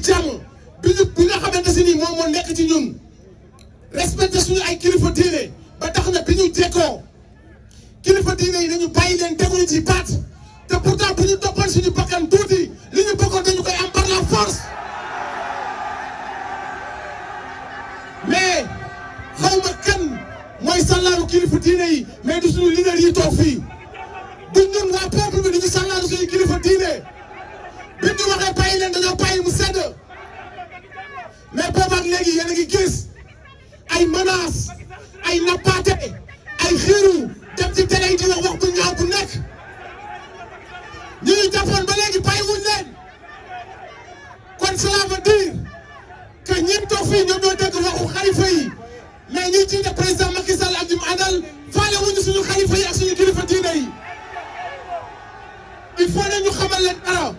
ci jàmm bi ñu bi nga xamante si nii moom nekk ci ñun respecté suñu ay kilifa diine ba tax na bi ñu jekkoo kilifa diine yi dañu bàyyi leen teguñu ci baat te pourtant bu ñu toppal suñu bakkan tuuti li ñu bëggoon dañu koy am par force mais xaw ma mooy sàllaaru kilifa diine yi mais du suñu leader yi fii du ñun waa peuple bi du ñu sàllaaru léegi yéen a gis ay menaces ay nappaate ay xiiru dem ci dina wax bu ñaaw nekk ñu ñu jàppoon ba léegi kon cela veut dire que ñi toog fii ñoom ñoo dégg waxu xalifa yi mais ñi jiite président Macky Sall faale wuñu suñu xalifa yi ak suñu kilifa diine yi il ñu xamal leen dara.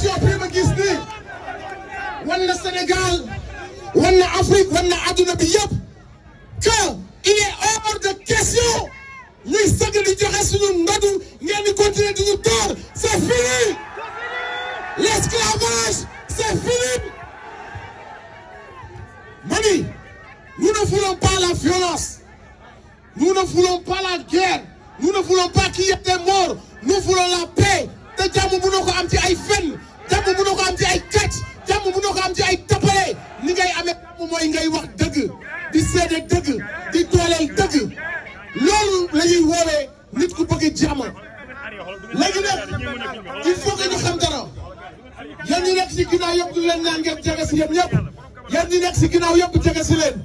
situation bii ma gis dit, wan Sénégal on l'Afrique, Afrique wan na adduna bi il est hors de question ñuy sëgg di joxe suñu nous ngeen di continuer de nous door c'est fini l'esclavage c'est fini ma nous ne voulons pas la violence nous ne voulons pas la guerre nous ne voulons pas qu'il y ait des morts nous voulons la paix te jàmm bu na am ci ay jàmm mënoo ko am ci ay kàcc jàmm mënoo ko am ci ay tappale ni ngay amee jàmm mooy ngay wax dëgg di seede dëgg di dooleel dëgg loolu la ñuy woowee nit ku bëgg jàmm léegi nag il faut que ñu xam dara yéen ñi nekk si ginnaaw yëpp ñu leen naan ngeen jege si yéen ñëpp yéen ñi nekk si ginnaaw yëpp jege si leen